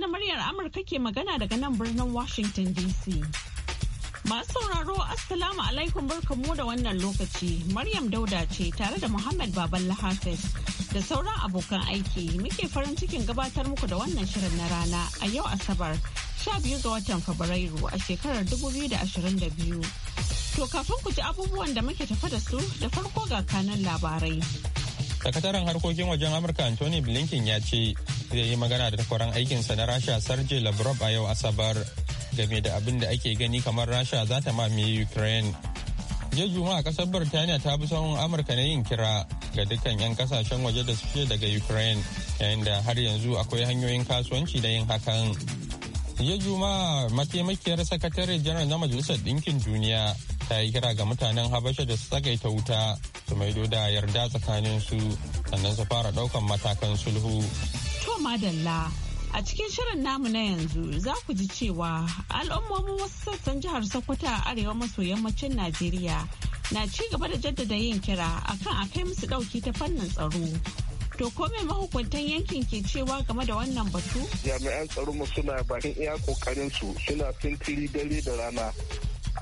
na muryar Amurka ke magana daga nan birnin Washington DC. Masu sauraro Assalamu alaikum barkamu da wannan lokaci. Maryam Dauda ce tare da Muhammad Baban Lahafis da sauran abokan aiki muke farin cikin gabatar muku da wannan shirin na rana a yau Asabar 12 ga watan Fabrairu a shekarar 2022. To kafin ku ji abubuwan da muke tafa da su da farko ga kanan labarai. sakataren harkokin wajen amurka anthony blinken ya ce zai yi magana da takwaran aikinsa na rasha sarje lavrov a yau asabar game da abin da ake gani kamar rasha za ta mamaye ukraine jiya juma'a kasar birtaniya ta bi sahun amurka na yin kira ga dukkan 'yan kasashen waje da suke daga ukraine yayin da har yanzu akwai hanyoyin kasuwanci da yin hakan jiya juma'a mataimakiyar sakatare janar na majalisar ɗinkin duniya ta yi kira ga mutanen habasha da su tsagaita wuta su maido da yarda tsakanin su sannan su fara daukan matakan sulhu. To madalla a cikin shirin namu na yanzu za ku ji cewa al'ummomin wasu sassan jihar Sokoto a arewa maso yammacin Najeriya na ci gaba da jaddada yin kira akan a kai musu dauki ta fannin tsaro. To ko mai mahukuntan yankin ke cewa game da wannan batu? Jami'an tsaro mu suna bakin iya kokarin su suna sintiri dare da rana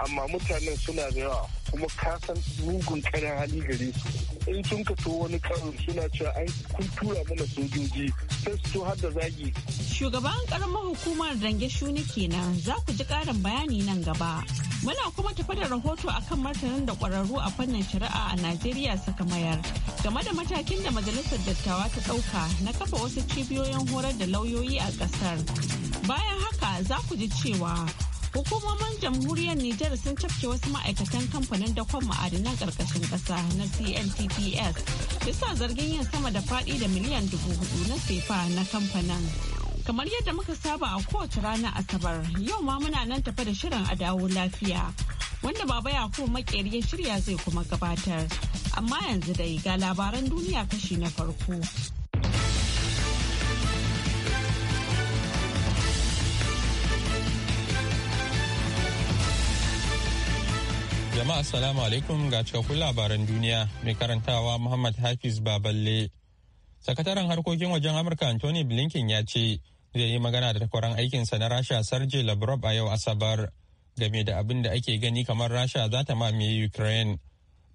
amma mutanen suna da yawa kuma ka san mugun karin hali gare su in sun ka to wani karin suna cewa an kun tura mana sojoji sai su har da zagi shugaban karamar hukumar dange shuni kenan za ku ji karin bayani nan gaba muna kuma tafi da rahoto akan martanin da kwararru a fannin shari'a a najeriya suka mayar game da matakin da majalisar dattawa ta dauka na kafa wasu cibiyoyin horar da lauyoyi a kasar bayan haka za ku ji cewa Hukumomin jamhuriyar Nijar sun cafke wasu ma'aikatan kamfanin dakon ma'adinan ƙarƙashin ƙasa na CNTPS bisa zargin yin sama da faɗi da miliyan dubu hudu na sefa na kamfanin. Kamar yadda muka saba a kowace rana Asabar, yau ma muna nan tafa da shirin a dawo lafiya. Wanda baba ya ko ya shirya zai kuma gabatar. Amma yanzu dai ga labaran duniya kashi na farko. Jama'a salamu alaikum ga cikakkun labaran duniya mai karantawa Muhammad Hafiz Baballe. Sakataren harkokin wajen Amurka Anthony Blinken ya ce zai yi magana da takwaran aikinsa na Rasha Sergey Lavrov a yau Asabar game da abin da ake gani kamar Rasha za ta mamaye Ukraine.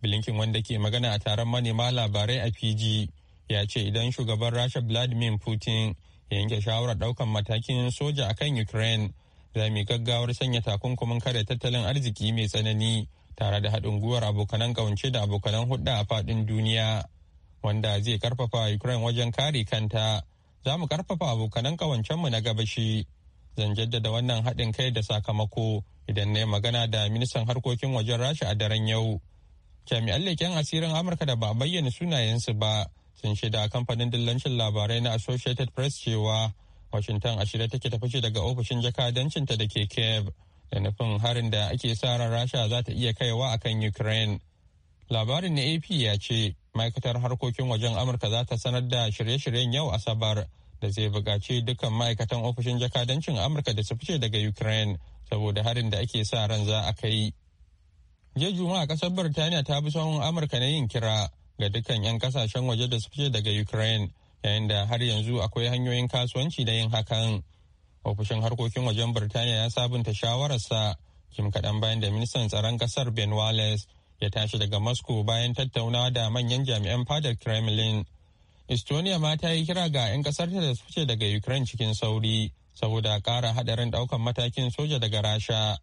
Blinken wanda ke magana a taron manema labarai a Fiji ya ce idan shugaban Rasha Vladimir Putin ya yanke shawarar daukan matakin soja akan Ukraine za mu gaggawar sanya takunkumin kare tattalin arziki mai tsanani. tare da haɗin gwiwar abokanan kawance da abokanan hudu a faɗin duniya wanda zai karfafa ukraine wajen kare kanta za mu karfafa abokanan ƙawancenmu na gabashi zan jaddada wannan haɗin kai da sakamako idan na yi magana da ministan harkokin wajen rasha a daren yau jami'an leken asirin amurka da ba a bayyana sunayensu ba sun shaida kamfanin dillancin labarai na associated press cewa washington a shirye take ta fice daga ofishin jakadancinta da ke kiev da nufin harin da ake sa ran rasha za ta iya kaiwa a kan ukraine labarin na ap ya ce ma'aikatar harkokin wajen amurka za ta sanar da shirye-shiryen yau asabar da zai buƙaci dukkan ma'aikatan ofishin jakadancin amurka da su fice daga ukraine saboda harin da ake sa ran za a kai jiya juma'a kasar birtaniya ta bi sahun amurka na yin kira ga dukkan 'yan kasashen waje da su fice daga ukraine yayin da har yanzu akwai hanyoyin kasuwanci da yin hakan ofishin harkokin wajen birtaniya ya sabunta shawararsa kim kaɗan bayan da ministan tsaron ƙasar ben wallace ya tashi daga moscow bayan tattaunawa da manyan jami'an fadar kremlin estonia ma ta yi kira ga 'yan ƙasar da fice daga ukraine cikin sauri saboda ƙara haɗarin ɗaukan matakin soja daga rasha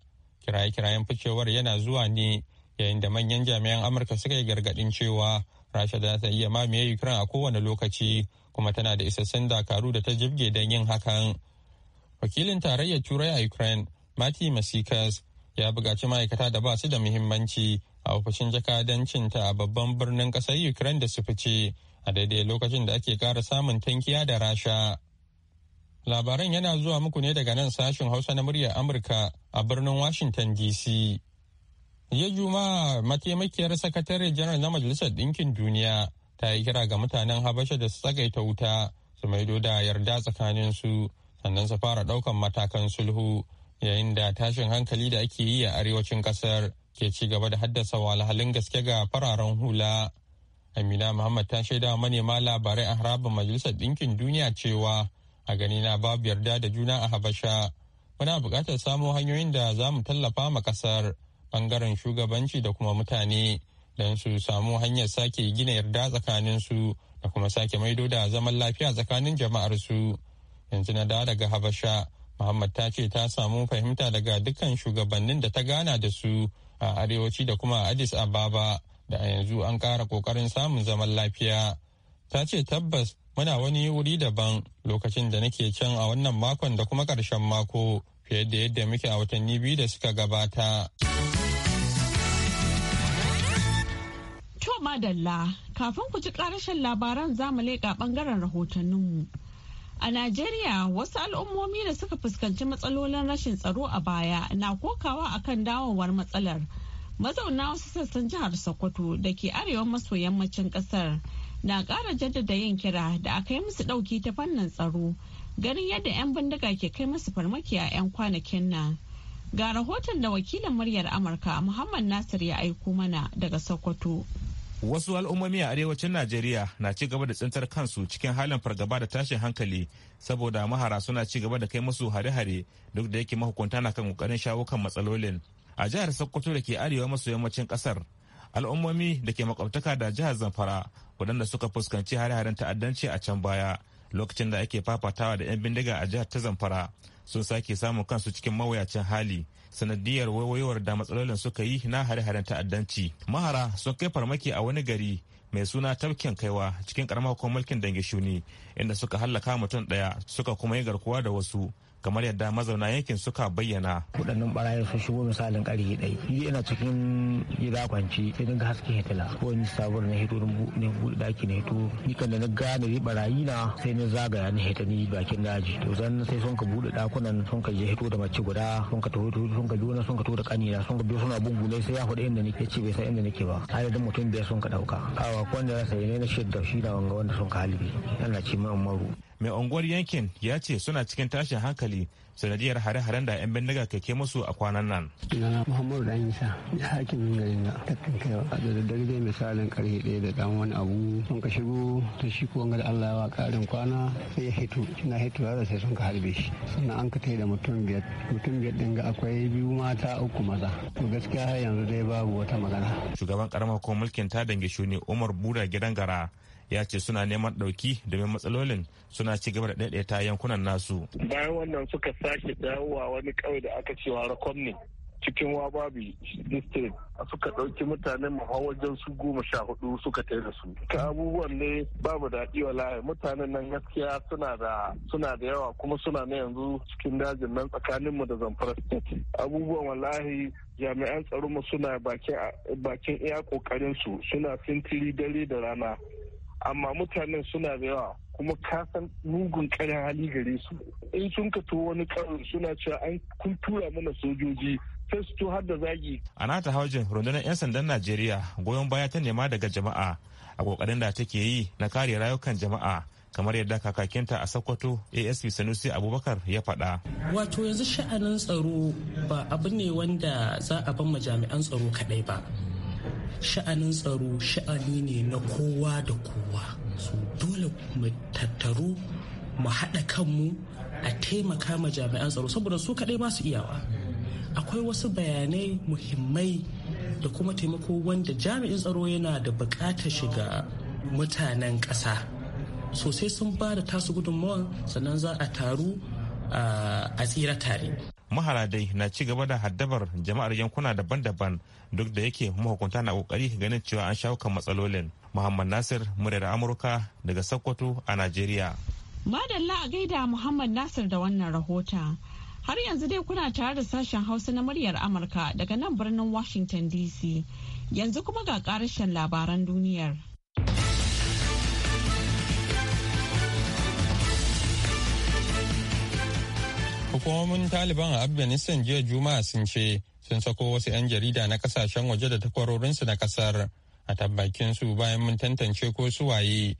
kiraye-kirayen ficewar yana zuwa ne yayin da manyan jami'an amurka suka yi gargaɗin cewa rasha za ta iya mamaye ukraine a kowane lokaci kuma tana da isassun dakaru da ta jibge don yin hakan wakilin tarayyar turai a ukraine mati masikas ya bugaci ma'aikata da ba su da muhimmanci a ofishin jakadancinta a babban birnin kasar ukraine da su fice a daidai lokacin da ake ƙara samun tankiya da rasha labaran yana zuwa muku ne daga nan sashen hausa na muryar amurka a birnin washington dc ya juma'a mataimakiyar sakatare janar na majalisar ɗinkin duniya ta yi kira ga mutanen habasha da su tsagaita wuta su maido da yarda tsakaninsu sannan su fara ɗaukan matakan sulhu yayin da tashin hankali da ake yi a arewacin ƙasar ke ci gaba da haddasa wahalhalun gaske ga fararen hula. Amina Muhammad ta shaida manema labarai a harabar Majalisar Ɗinkin Duniya cewa a gani na babu yarda da juna a Habasha. Muna buƙatar samo hanyoyin da za mu tallafa ma ƙasar ɓangaren shugabanci da kuma mutane don su samu hanyar sake gina yarda tsakaninsu da kuma sake maido da zaman lafiya tsakanin jama'ar su. yanzu na dawo daga habasha muhammad ta ce ta samu fahimta daga dukkan shugabannin da ta gana da su a arewaci da kuma addis ababa da a yanzu an ƙara ƙoƙarin samun zaman lafiya ta ce tabbas muna wani wuri daban lokacin da nake can a wannan makon da kuma ƙarshen mako fiye da yadda muke a watanni biyu da suka gabata. To madalla kafin ku ji ƙarashin labaran zamu leƙa ɓangaren rahotanninmu. A Najeriya wasu al'ummomi da suka fuskanci matsalolin rashin tsaro a baya na kokawa akan dawowar matsalar. Mazauna wasu sassan jihar Sokoto da ke arewa maso yammacin kasar na ƙara jaddada yin kira da aka yi musu ɗauki ta fannin tsaro ganin yadda 'yan bindiga ke kai musu farmaki a 'yan kwanakin nan. Ga rahoton da wakilin muryar Amurka Muhammad Nasir ya aiko mana daga Sokoto. wasu al'ummomi a arewacin najeriya na ci gaba da tsintar kansu cikin halin fargaba da tashin hankali saboda mahara suna ci gaba da kai musu hare-hare duk da yake mahukunta na kan kokarin shawo kan matsalolin a jihar sokoto da ke arewa maso yammacin kasar al'ummomi da ke makwabtaka da jihar zamfara waɗanda suka fuskanci hare-haren ta'addanci a can baya lokacin da ake fafatawa da 'yan bindiga a jihar ta zamfara sun sake samun kansu cikin mawuyacin hali sanadiyar waiwayowar da matsalolin suka yi na hare-haren ta'addanci mahara sun kai farmaki a wani gari mai suna tafkin kaiwa cikin karamar mulkin dangishuni inda suka hallaka mutum daya suka kuma yi garkuwa da wasu kamar yadda mazauna yankin suka bayyana. Kudannin barayar sun shigo misalin ƙarfe ɗai. Ni ina cikin gida kwanci sai ga hasken hitila. Wani sabon na hito ne buɗe daki na hito. Ni kan da na gane barayi na sai na zagaya ni hita ni bakin daji. To zan sai sun ka buɗe dakunan sun ka je hito da mace guda sun ka taho sun ka jona sun ka taho da ƙanina sun ka biyo suna ne sai ya faɗi inda nake ce bai san inda nake ba. da mutum biyar sun ka ɗauka. Awa kwanda ya sayi ne na shidda shi na wanga wanda sun ka halibi. Yana ce min mai unguwar yankin ya ce suna cikin tashin hankali sanadiyar hare-haren da 'yan bindiga ke ke musu a kwanan nan. Sunana Muhammadu Dan Isa, ya hakimin garin da takan kaiwa a da daddare dai misalin karfe ɗaya da ɗan wani abu sun ka shigo ta shi ko da Allah wa ƙarin kwana sai ya hito na hito ya sai sun ka harbe shi sannan an ka tai da mutum biyar mutum biyar ɗin ga akwai biyu mata uku maza to gaskiya har yanzu dai babu wata magana. Shugaban karamar ko mulkin ta dange shuni Umar Buda gidan gara ya ce suna neman ɗauki domin matsalolin suna ci gaba da ɗaiɗaita yankunan nasu. Bayan wannan suka sake dawowa wani ƙauye da aka cewa rakom ne cikin wababi district suka ɗauki mutanen mu wajen su goma sha hudu suka tai da su. Ka abubuwan ne babu daɗi wallahi mutanen nan gaskiya suna da yawa kuma suna na yanzu cikin dajin nan tsakanin mu da Zamfara state. Abubuwan wallahi jami'an tsaron mu suna bakin iya kokarin su suna sintiri dare da rana amma mutanen suna da yawa kuma kasan mugun karin hali gare su in sun kato wani karin suna cewa an kun tura mana sojoji sai su har da zagi a nata haujin rundunar 'yan sandan najeriya goyon baya ta nema daga jama'a a kokarin da take yi na kare rayukan jama'a kamar yadda kakakinta a sokoto asp sanusi abubakar ya faɗa. wato yanzu sha'anin tsaro ba abu ne wanda za a bama jami'an tsaro kaɗai ba sha'anin tsaro sha'ani ne na kowa da kowa so dole mu tattaru mu haɗa kanmu a taimaka ma jami'an tsaro saboda su kaɗai ba su iyawa akwai wasu bayanai muhimmai da kuma taimako wanda jami'in tsaro yana da buƙatar shiga mutanen ƙasa sosai sun ba da tasu gudunmawar sannan za a taru a tsira tare maharadai na ci gaba da haddabar jama'ar yankuna daban-daban duk da yake mahukunta na kokari ganin cewa an shawo kan matsalolin muhammad nasir muryar amurka daga sokoto a najeriya madalla a gaida muhammad nasir da wannan rahota har yanzu dai kuna tare da sashen hausa na muryar amurka daga nan birnin washington dc yanzu kuma ga karashen labaran duniyar Hukumomin Taliban a Afghanistan jiya Juma'a sun ce sun sako wasu 'yan jarida na kasashen waje da takwarorinsu na kasar a tabbakin su bayan mun tantance ko su waye.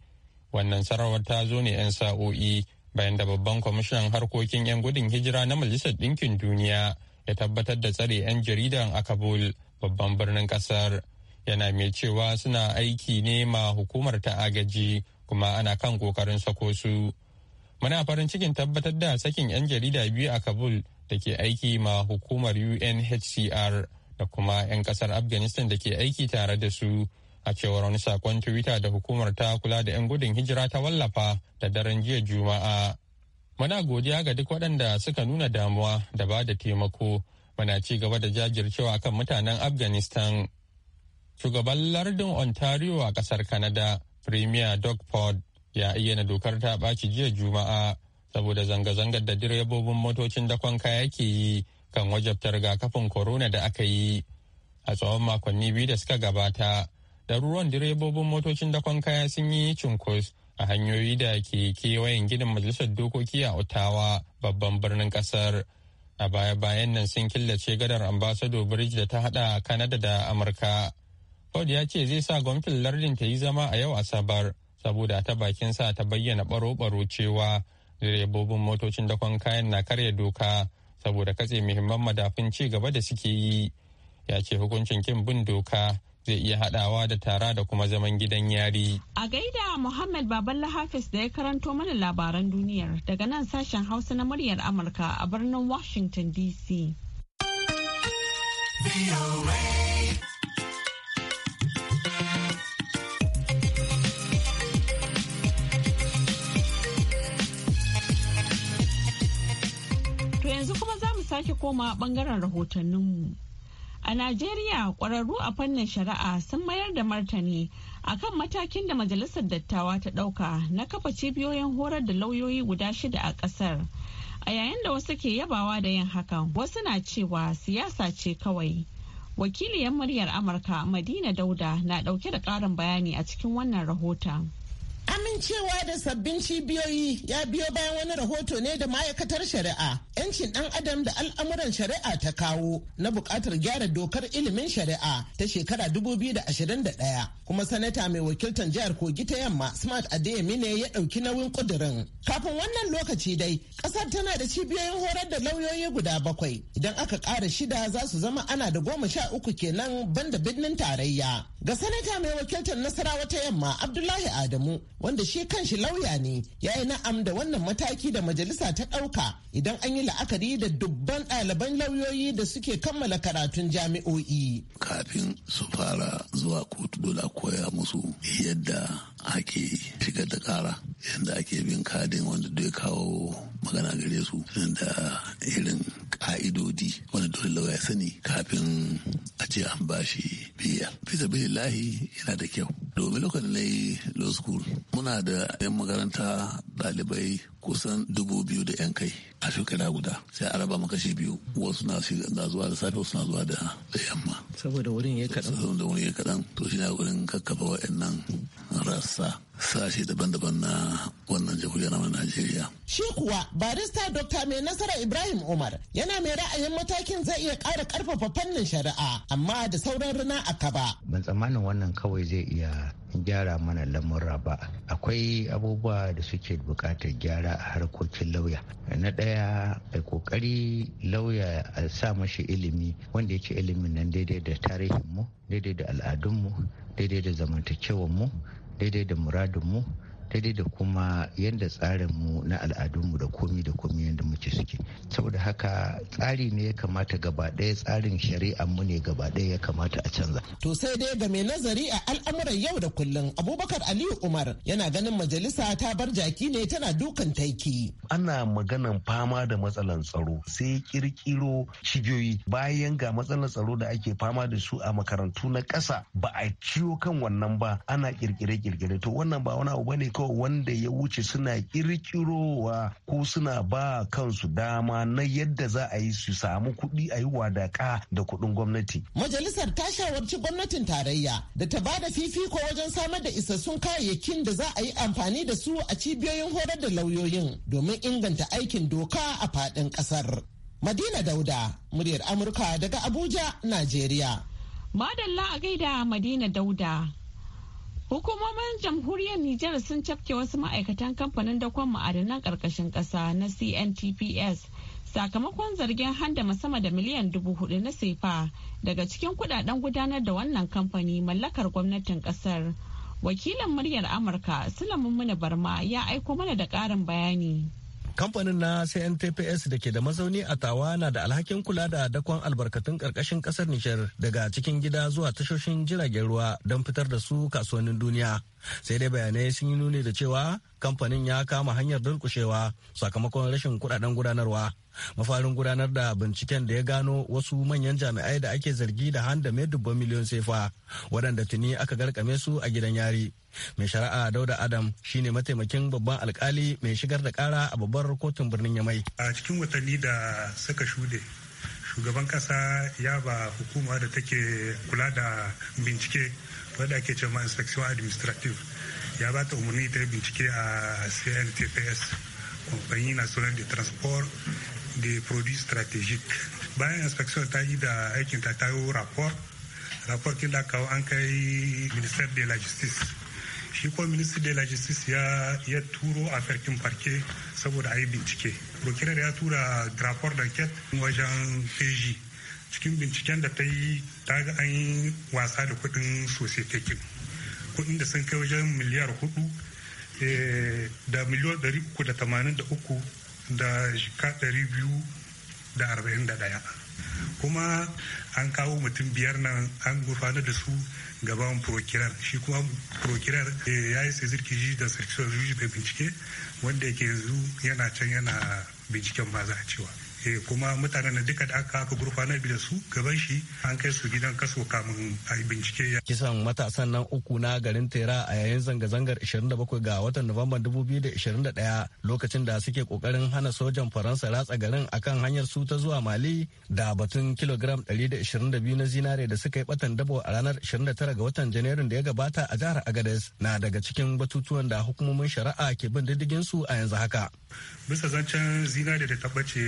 Wannan sarawar ta zo ne 'yan sa'o'i bayan da babban kwamishinan harkokin 'yan gudun hijira na Majalisar Ɗinkin Duniya ya tabbatar da tsare 'yan jaridan a Kabul babban birnin kasar. Yana mai cewa suna aiki ne ma hukumar ta agaji kuma ana kan kokarin sako su. muna farin cikin tabbatar da sakin 'yan jarida biyu a kabul da ke aiki ma hukumar unhcr da kuma 'yan kasar afghanistan da ke aiki tare da su a cewar wani sakon twitter da hukumar ta kula da 'yan gudun hijira ta wallafa da daren jiya juma'a muna godiya ga duk waɗanda suka nuna damuwa da ba da taimako muna ci gaba da jajircewa kan mutanen afghanistan shugaban lardin ontario a kasar canada premier doug ford ya ayyana dokar ta ɓaci jiya juma'a saboda zanga-zangar da direbobin motocin dakon kaya ke yi kan wajabtar ga kafin korona da aka yi a tsawon makonni biyu da suka gabata ɗaruruwan direbobin motocin dakon kaya sun yi cunkus a hanyoyi da ke kewayen gidan majalisar dokoki a ottawa babban birnin kasar a baya-bayan nan sun killace gadar ambasado bridge da ta hada kanada da amurka ford ya ce zai sa gwamnatin lardin ta yi zama a yau asabar saboda ta bakin sa ta bayyana baro-baro cewa direbobin motocin dakon kayan na karya doka saboda katse muhimman madafin ci gaba da suke yi ya ce hukuncin kin bin doka zai iya hadawa da tara da kuma zaman gidan yari. A gaida Muhammad Baballa Hafiz da ya karanto mana labaran duniyar daga nan sashen Hausa na muryar Amurka a birnin Washington DC. yanzu kuma za mu sake koma bangaren rahotanninmu. A Najeriya ƙwararru a fannin shari'a sun mayar da martani a kan matakin da Majalisar Dattawa ta ɗauka na kafa cibiyoyin horar da lauyoyi guda shida a ƙasar. A yayin da wasu ke yabawa da yin hakan, wasu na cewa siyasa ce kawai. Wakiliyar muryar Amurka Madina Dauda na ɗauke da ƙarin bayani a cikin wannan rahoton. Amincewa da sabbin cibiyoyi ya biyo bayan wani rahoto ne da ma'aikatar shari'a, 'yancin dan adam da al'amuran shari'a ta kawo na bukatar gyara dokar ilimin shari'a ta shekara 2021. Kuma sanata mai wakiltar jihar Kogi ta yamma Smart Adeyemi ne ya dauki nauyin kudirin Kafin wannan lokaci dai, kasar tana da cibiyoyin horar da lauyoyi guda bakwai. Idan aka kara shida za su zama ana da goma sha uku kenan banda birnin tarayya. Ga sanata mai wakiltar nasara wata yamma Abdullahi Adamu wanda shi kanshi lauya ne ya yi na'am da wannan mataki da majalisa ta ɗauka idan an yi la'akari da dubban ɗaliban lauyoyi da suke kammala karatun jami'o'i. Kafin su fara zuwa kotu dole koya musu yadda ake shigar da kara yadda ake bin kadin wanda duk kawo magana gare su da irin ka'idodi wanda dole lauya sani kafin a ce an shi biya fisa lahi yana da kyau domin lokacin na yi law school muna da 'yan makaranta ɗalibai kusan dubu biyu da yan kai a shekara guda sai a raba makashi biyu wasu na zuwa da safe wasu na zuwa da yamma saboda wurin ya kaɗan saboda wurin ya kaɗan to shi na wurin kakkafa wa'annan rassa sashe daban-daban na wannan jamhuriyar na Najeriya. Shi kuwa barista Dr. Mai Nasara Ibrahim Umar yana mai ra'ayin matakin zai iya ƙara ƙarfafa fannin shari'a amma da sauran rana a kaba. Ban tsammanin wannan kawai zai iya gyara mana lamura ba akwai abubuwa da suke buƙatar gyara a harkokin lauya na ɗaya a ƙoƙari lauya a sa mashi ilimi wanda yake ilimin nan daidai da tarihinmu daidai da al'adunmu daidai da zamantakewanmu, daidai da muradunmu daidai da kuma yadda tsarinmu na al'adunmu da komi da komi yadda muke suke saboda haka tsari ne ya kamata gaba ɗaya tsarin shari'ar mu ne gaba ɗaya ya kamata a canza to sai dai ga mai nazari a al'amuran yau da kullum abubakar aliyu umar yana ganin majalisa ta bar jaki ne tana dukan taiki ana maganan fama da matsalan tsaro sai kirkiro cibiyoyi bayan ga matsalan tsaro da ake fama da su a makarantu na ƙasa ba a ciwo kan wannan ba ana kirkire-kirkire to wannan ba wani abu bane kawai wanda ya wuce suna kirkirowa ko suna ba kansu dama na yadda za a yi su samu kuɗi a yi wadaka da kuɗin gwamnati. Majalisar ta shawarci gwamnatin tarayya da ta ba da fifiko wajen samar da isassun kayayyakin da za a yi amfani da su a cibiyoyin horar da lauyoyin domin inganta aikin doka a faɗin ƙasar. Madina Dauda, muryar Amurka daga Abuja, Najeriya. Madalla a gaida Madina Dauda. Hukumomin jamhuriyar Nijar sun cafke wasu ma'aikatan kamfanin dakon ma'adanan ƙarƙashin ƙasa na CNTPS sakamakon zargin handama sama da miliyan dubu hudu na sefa daga cikin kudaden gudanar da wannan kamfani mallakar gwamnatin ƙasar. Wakilin muryar Amurka Sulaiman Muna Barma ya aiko mana da ƙarin bayani. kamfanin na cntps da ke da mazauni a tawa na da alhakin kula da dakon albarkatun karkashin kasar nijar daga cikin gida zuwa tashoshin jiragen ruwa don fitar da su kasuwannin duniya sai dai bayanai sun yi nuni da cewa kamfanin ya kama hanyar durkushewa sakamakon rashin kudaden gudanarwa mafarin gudanar da binciken da ya gano wasu manyan jami'ai da ake zargi da handame dubban miliyon sefa waɗanda tuni aka garkame su a gidan yari mai shari'a dauda adam shine mataimakin babban alkali mai shigar da kara a babbar kotun birnin yamai a cikin watanni da suka shude shugaban kasa ya ba hukuma da take kula da bincike wadda ake cewa inspection administrative ya ba ta umarni ta bincike a cntps kamfani national de transport de produits stratégiques bayan inspection ta yi da aikin ta tayo rapport rapport kin da kawo an kai minister de la justice shi ko ministry de la justice ya ya turo a farkin farke saboda a yi bincike procurer ya tura da d'enquête wajen feji cikin binciken da ta yi ta ga an yi wasa da kudin sosai kudin da sun kai wajen miliyar hudu eh, da miliyar dari uku da tamanin da uku da jika dari biyu da arba'in da daya kuma an kawo mutum biyar nan an gurfanar da su gaban prokirar shi kuma prokirar eh, ya yi sezirki da sarki da bincike wanda yake yanzu yana can yana binciken ba za a cewa Eh, kuma mutanen da duka da aka aka gurfanar da su gaban shi an kai su gidan kaso kamun a bincike ya kisan matasan nan uku na garin tera a yayin zanga-zangar 27 ga watan nuwamban 2021 lokacin da suke kokarin hana sojan faransa ratsa garin akan hanyar su ta zuwa mali da batun kilogram 122 na zinare da suka yi batan dabo a ranar 29 ga watan janairun da ya gabata a jihar agades na daga cikin batutuwan da hukumomin shari'a ke bin diddigin su a yanzu haka bisa zancen zinare da tabbace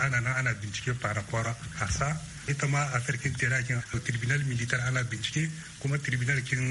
ana nan ana bincike fara kwara hasa ita ma a sarkin tirakin tribunal militar ana bincike kuma tribunal kin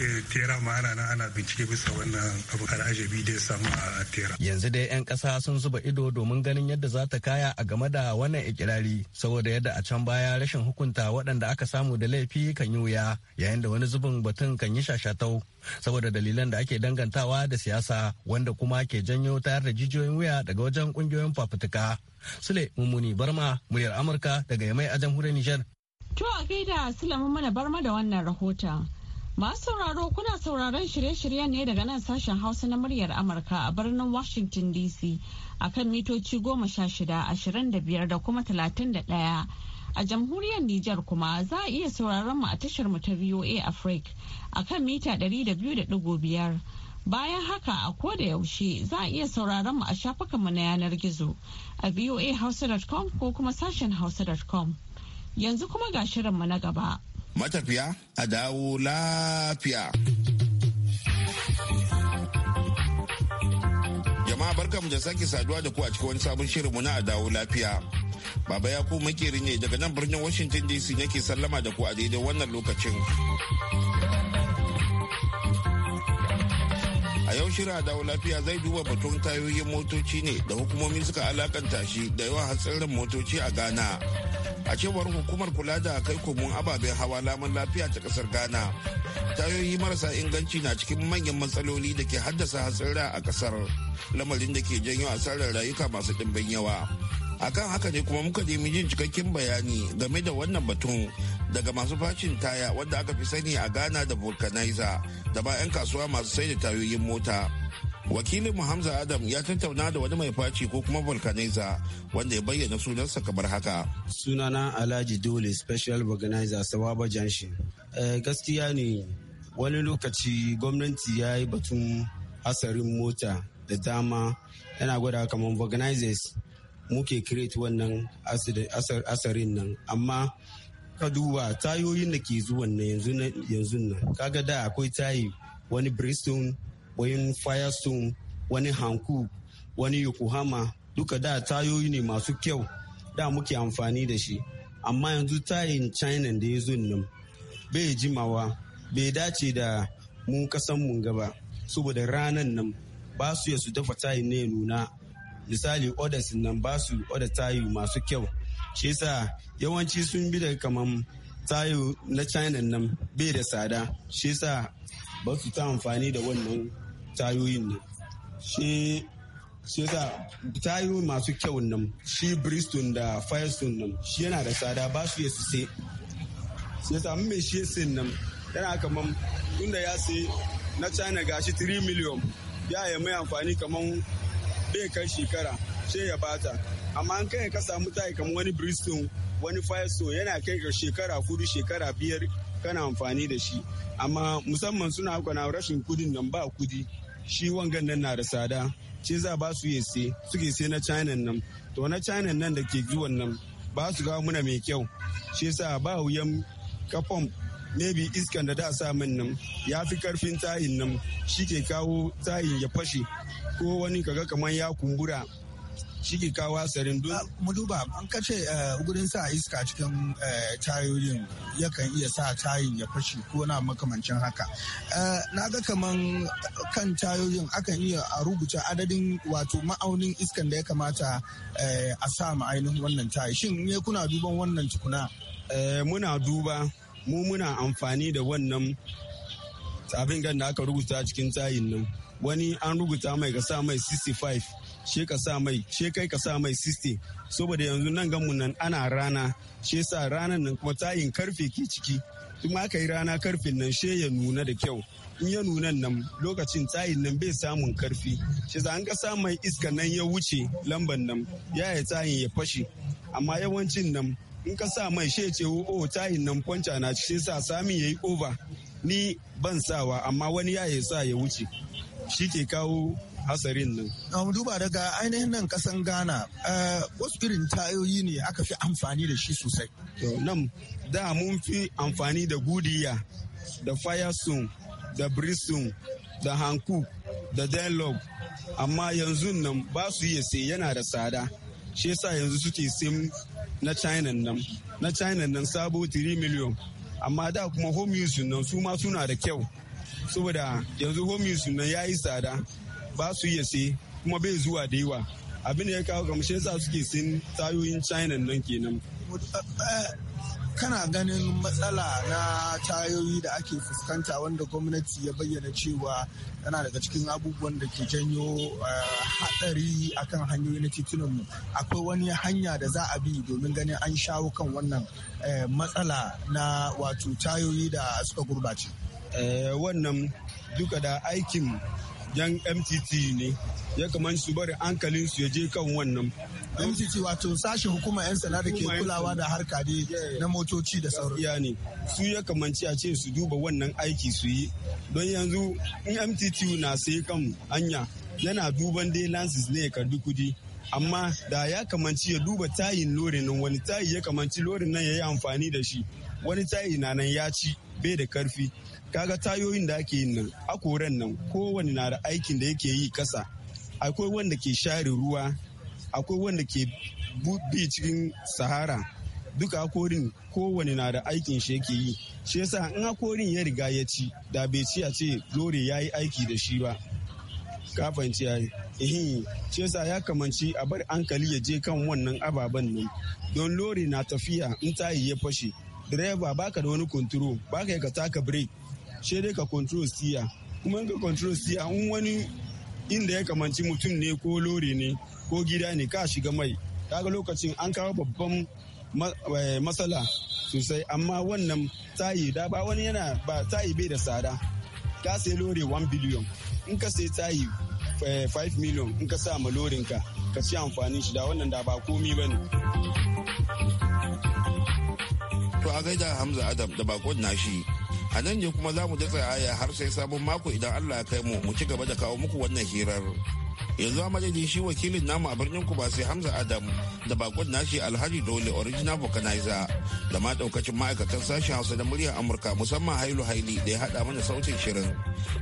eh, tera ma ana nan ana bincike bisa wannan abu al'ajabi da ya samu a tera yanzu dai yan kasa sun zuba ido domin ganin yadda za ta kaya a game da wannan ikirari saboda yadda a can baya rashin hukunta waɗanda aka samu da laifi kan yi wuya yayin da wani zubin batun kan yi shashatau saboda dalilan da ake dangantawa da siyasa wanda kuma ke janyo tayar da jijiyoyin wuya daga wajen kungiyoyin fafutuka. Sule Mummuni Barma, muryar Amurka daga Yamai a jamhuriyar Nijar. To a gaida Sulaiman mana barma da wannan rahoton. Masu sauraro kuna sauraron shirye-shiryen ne daga nan sashen Hausa na muryar Amurka a birnin Washington DC a kan mitoci goma sha shida ashirin da biyar da kuma talatin da ɗaya. A jamhuriyar Nijar kuma za a iya sauraron mu a tashar mu ta VOA Africa a kan mita ɗari da biyu da ɗigo biyar. Bayan haka a ko da yaushe za a iya sauraron mu a shafukanmu na yanar gizo a voahausa.com ko kuma sashen hausa.com. Yanzu kuma ga shirinmu na gaba. Matafiya a dawo lafiya. Jama'a barkamu da sake saduwa da ku a cikin wani sabon shirinmu na a dawo lafiya. Baba ya ku makeri ne daga nan birnin Washington DC nake sallama da ku a daidai wannan lokacin. a yau shirya dawo lafiya zai duba batun tayoyin motoci ne da hukumomi suka alakanta shi da yawan hatsarin motoci a ghana a cewar hukumar kula da kai komun ababen hawa laman lafiya ta kasar ghana tayoyi marasa inganci na cikin manyan matsaloli da ke haddasa hatsara a kasar lamarin da ke janyo asarar rayuka masu ɗimbin yawa akan haka ne kuma muka nemi jin cikakken bayani game da wannan batun daga masu fashin taya wanda aka fi sani a ghana da vulcanizer da ba 'yan kasuwa masu sai da tayoyin mota wakilin hamza adam ya tattauna da wani mai faci ko kuma vulcanizer wanda ya bayyana sunansa kamar haka sunana alhaji dole special vulcanizer sababa janshi eh, gaskiya ne wani lokaci gwamnati ya yi batun hasarin mota da dama yana gwada kamar organizers muke create wannan asarin nan amma ka duba tayoyin da ke zuwan na yanzu nan kaga da akwai tayi wani bristol wani firestone wani hanku wani yokohama duka da tayoyi ne masu kyau da muke amfani da shi amma yanzu tayin china da ya zo nan bai jimawa bai dace da mun kasan mun gaba saboda ranan nan ba su ya su dafa tayin ne nuna misali orders nan ba su order tayu masu kyau shi yasa yawanci sun bi da kaman tayu na china nan bai da tsada shi yasa ba su ta amfani da wannan tayoyin nan shi yasa tayu masu kyau nan shi bristol da firestone nan shi yana da tsada ba su yasu sai shi yasa mai shi sin nan yana kaman tunda ya sai na china gashi 3 million ya yi mai amfani kaman bai kai shekara sai ya bata amma an kai ka samu tayi kamar wani bristol wani firestone yana kai ga shekara hudu shekara biyar kana amfani da shi amma musamman suna na rashin kudin nan ba kudi shi wangan nan na da tsada ce za ba su yese suke sai na china nan to na china nan da ke zuwan nan ba su ga muna mai kyau shi yasa ba wuyan kafan maybe iskan da da sa min nan ya fi karfin tayin nan shi ke kawo tayin ya fashe ko wani kaga kamar ya kumbura shi ke kawo asarin duk. Mu duba an kace gudun eh, sa iska cikin eh, tayoyin yakan iya sa tayin ya fashe ko na makamancin haka. Eh, na ga kaman kan tayoyin akan iya a rubuta adadin wato ma'aunin iskan da ya kamata a sa ma ainihin wannan tayi. Shin ne kuna duban wannan tukuna? Muna duba mu muna amfani da wannan abin gan da aka rubuta cikin tsayin nan wani an rubuta mai ka sa mai 65 she ka sa mai she kai ka sa mai 60 saboda yanzu nan ganmu nan ana rana she sa ranan nan kuma tsayin karfe ke ciki kuma aka yi rana karfin nan she ya nuna da kyau in ya nuna nan lokacin tsayin nan bai samun karfi shi za an ka sa mai iska nan ya wuce lamban nan ya yi tsayin ya fashe amma yawancin nan in ka sa mai shi ce o oh, oh, tahin nan kwanca na shi sa sami yayi over ni ban sawa amma wani ya sa ya wuce shi ke kawo hasarin nan. mu duba daga ainihin nan kasan Ghana eh, wasu irin tayoyi ne aka fi amfani da shi sosai. Nan da mun fi amfani da gudiya da firestone da bristol da hankook da denlog amma yanzu nan ba su iya sai yana da tsada. shi yasa yanzu suke sim na china nan na china nan sabo 3 miliyon amma da kuma home use nan su ma suna da kyau saboda yanzu home use nan ya yi tsada ba su iya sai kuma bai zuwa da yawa abin da ya kawo kamar shi yasa suke sin tayoyin china nan kenan eh, eh, kana ganin matsala na tayoyi da ake fuskanta wanda gwamnati ya bayyana cewa yana daga cikin abubuwan da ke janyo eh, hatsari akan hanyoyi na titunanmu akwai wani hanya da za a bi domin ganin an shawo kan wannan eh, matsala na wato tayoyi da suka gurbace eh, wannan duka da aikin yan mtt ne ya kamar su bari hankalin su ya je kan wannan mtt wato sashi hukuma yan sana da ke kulawa da harka ne na motoci da sauran ya ne su ya kamanci a ce su duba wannan aiki su yi don yanzu in mtt na sai kan hanya yana duban dai lances ne ya karbi kudi amma da ya kamanci ya duba tayin lori nan wani tayi ya kamanci lori nan ya yi amfani da shi wani tayi na nan ya ci bai da karfi kaga tayoyin da ake yin nan akoran nan kowane na da aikin da yake yi kasa akwai wanda ke share ruwa akwai wanda ke bi cikin sahara duk akorin kowane na da aikin shi yake yi shi yasa in akorin ya riga ya ci da bai ci a ce lore ya yi aiki da shi ba kafin ciyayi ihin shi yasa ya kamanci a bar hankali ya je kan wannan ababen nan don lori na tafiya in tayi ya fashe direba baka da wani ba baka yi ka taka break shi dai ka control siya kuma in ka control siya in wani inda ya kamanci mutum ne ko lori ne ko gida ne ka shiga mai kaga lokacin an kawo babban eh, matsala sosai amma wannan tayi da ba wani yana ba tayi bai da tsada ka sai lori 1 biliyon in ka sai tayi 5 eh, million in ka sa ma lorin ka ci amfani shi da wannan da ba komi ba ne. To a gaida Hamza Adam da bakon nashi a nan ne kuma za mu datsa aya har sai sabon mako idan allah ya kai mu mu ci gaba da kawo muku wannan hirar yanzu a madadin shi wakilin namu a birnin ku ba sai hamza adam da bakon nashi alhaji dole original vocalizer da ma daukacin ma'aikatan sashen hausa da muryar amurka musamman hailu haili da ya hada mana sautin shirin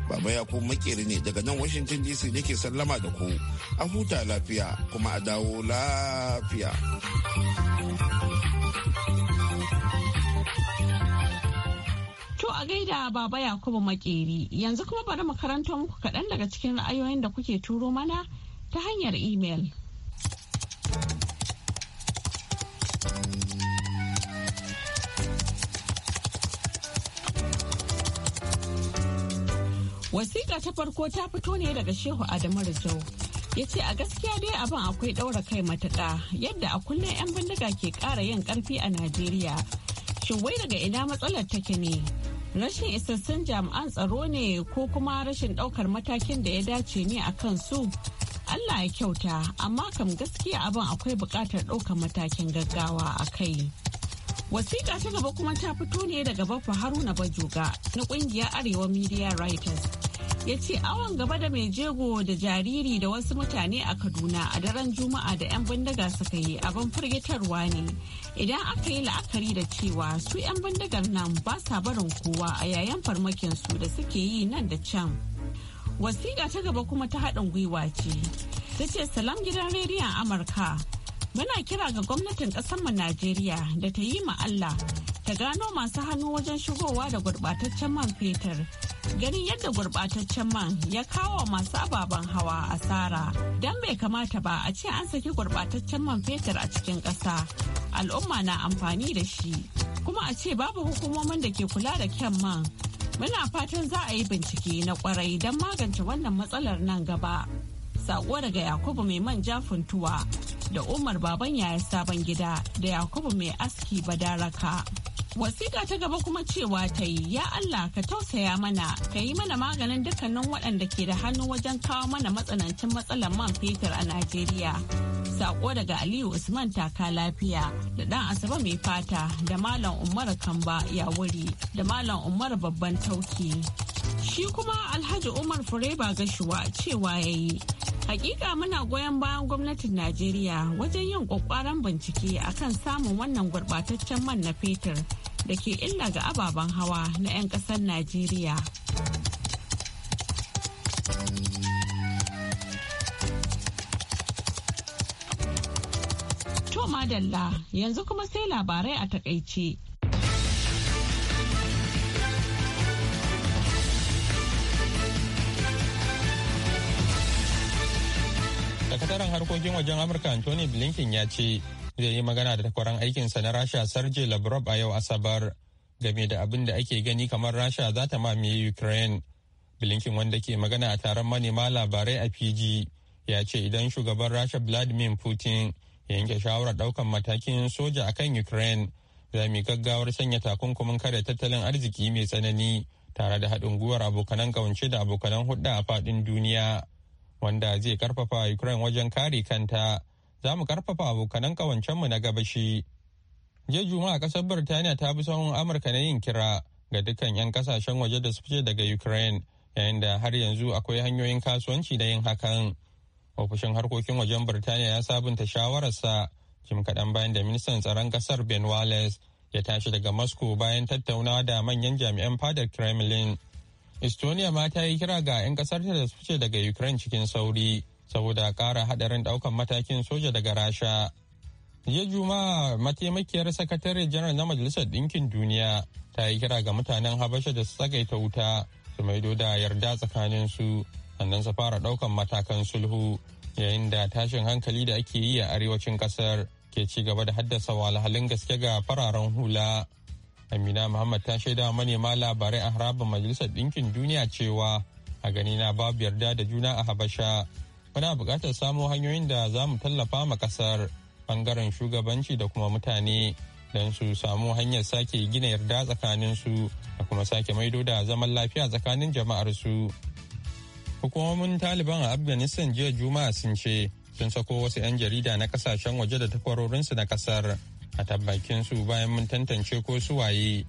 baba kuma makeri ne daga nan washington dc ke sallama da ku a huta lafiya kuma a dawo lafiya a gaida baba Yakubu Makeri yanzu kuma bari mu muku kaɗan daga cikin ra'ayoyin da kuke turo mana ta hanyar imel. Wasiƙa ta farko ta fito ne daga Shehu Adamu Rijau. ya ce a gaskiya dai abin akwai ɗaura kai matuƙa yadda a kullum 'yan bindiga ke ƙara yin ƙarfi a najeriya shin wai daga ina matsalar take ne rashin isassun jami'an tsaro ne ko kuma rashin ɗaukar matakin da ya dace ne a kan su allah ya kyauta amma kam gaskiya abin akwai buƙatar ɗaukar matakin gaggawa a kai wasiƙa ta gaba kuma ta fito ne daga bafa haruna bajoga na ƙungiyar arewa media writers ya ce awon gaba da mai jego da jariri da wasu mutane a kaduna a daren juma'a da 'yan bindiga suka yi abin firgitarwa ne idan aka yi la'akari da cewa su 'yan bindigar nan ba sa barin kowa a yayin farmakin su da suke yi nan da can wasiƙa ta gaba kuma ta haɗin gwiwa ce ta ce salam gidan rediyon amurka muna kira ga gwamnatin ƙasar ƙasarmu najeriya da ta yi ma allah ta gano masu hannu wajen shigowa da gurbataccen man fetur ganin yadda gurbataccen man ya kawo masu ababen hawa asara don bai kamata ba a ce an saki gurbataccen man fetur a cikin ƙasa al'umma na amfani da shi kuma a ce babu hukumomin da ke kula da kyan man muna fatan za a yi bincike na kwarai don magance wannan matsalar nan gaba Sakuwa daga yakubu mai manja funtuwa da umar baban yaya sabon gida da yakubu mai aski badaraka. Wasiƙa ta gaba kuma cewa ta yi, ya Allah ka tausaya mana, ka yi mana maganin dukkanin waɗanda ke da hannu wajen kawo mana matsanancin matsalar man fetur a Najeriya. Sako daga Aliyu Usman taka lafiya da ɗan Asaba mai fata da Malam Umar Kamba ya wuri da Malam Umar babban tauki. Shi kuma Alhaji Umar Fureba Gashuwa cewa ya yi. Hakika muna goyon bayan gwamnatin Najeriya wajen yin kwakwaran bincike akan samun wannan gurɓataccen man na fetur da ke illa ga ababen hawa na 'yan ƙasar Najeriya. To madalla yanzu kuma sai labarai a takaice. sakataren harkokin wajen amurka anthony blinken ya ce zai yi magana da takwaran aikinsa na rasha sarje lavrov a yau asabar game da abin da ake gani kamar rasha za ta mamaye ukraine blinken wanda ke magana a taron manema labarai a fiji ya ce idan shugaban rasha vladimir putin ya yanke shawarar daukan matakin soja akan ukraine za mu gaggawar sanya takunkumin kare tattalin arziki mai tsanani tare da haɗin gwiwar abokanan kawance da abokanan hudda a faɗin duniya wanda zai karfafa Ukraine wajen kare kanta, za mu karfafa abokanan mu na gabashi. Jiya Juma'a ƙasar Birtaniya ta bi sahun Amurka na yin kira ga dukkan 'yan kasashen waje da su fice daga Ukraine, yayin da har yanzu akwai hanyoyin kasuwanci da yin hakan. Ofishin harkokin wajen Birtaniya ya sabunta shawararsa jim kaɗan bayan da ministan tsaron ƙasar Ben Wallace ya tashi daga Moscow bayan tattaunawa da manyan jami'an fadar Kremlin. Estonia ma ta yi kira ga 'yan ƙasarta da su fice daga Ukraine cikin sauri saboda ƙara hadarin ɗaukan matakin soja daga Rasha. Jiya Juma'a mataimakiyar sakatare janar na Majalisar Ɗinkin Duniya ta yi kira ga mutanen Habasha da su ta wuta su maido da yarda tsakanin su sannan su fara ɗaukan matakan sulhu yayin da tashin hankali da ake yi a arewacin ƙasar ke ci gaba da haddasa wahalhalun gaske ga fararen hula. Amina Muhammad ta shaida manema labarai a harabar Majalisar Ɗinkin Duniya cewa a gani na babu yarda da juna a Habasha. Muna buƙatar samo hanyoyin da za mu tallafa ma ƙasar ɓangaren shugabanci da kuma mutane don su samu hanyar sake gina yarda tsakanin su da kuma sake maido da zaman lafiya tsakanin jama'ar su Hukumomin Taliban a Afghanistan jiya Juma'a sun ce sun sako wasu 'yan jarida na kasashen waje da takwarorinsu na kasar. a tabbakin su bayan mun tantance ko su waye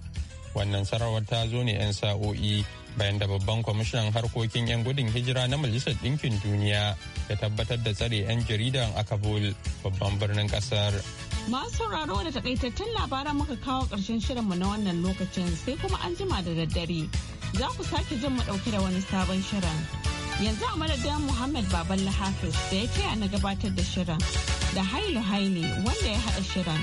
wannan sarawar ta zo ne 'yan sa'o'i bayan da babban kwamishinan harkokin 'yan gudun hijira na majalisar ɗinkin duniya ya tabbatar da tsare 'yan jaridan a kabul babban birnin kasar. masu sauraro da takaitattun labaran muka kawo ƙarshen mu na wannan lokacin sai kuma an jima da daddare za ku sake jin mu ɗauke da wani sabon shirin yanzu a madadin muhammad baban lahafis da ya taya na gabatar da shirin da hailu haile wanda ya haɗa shirin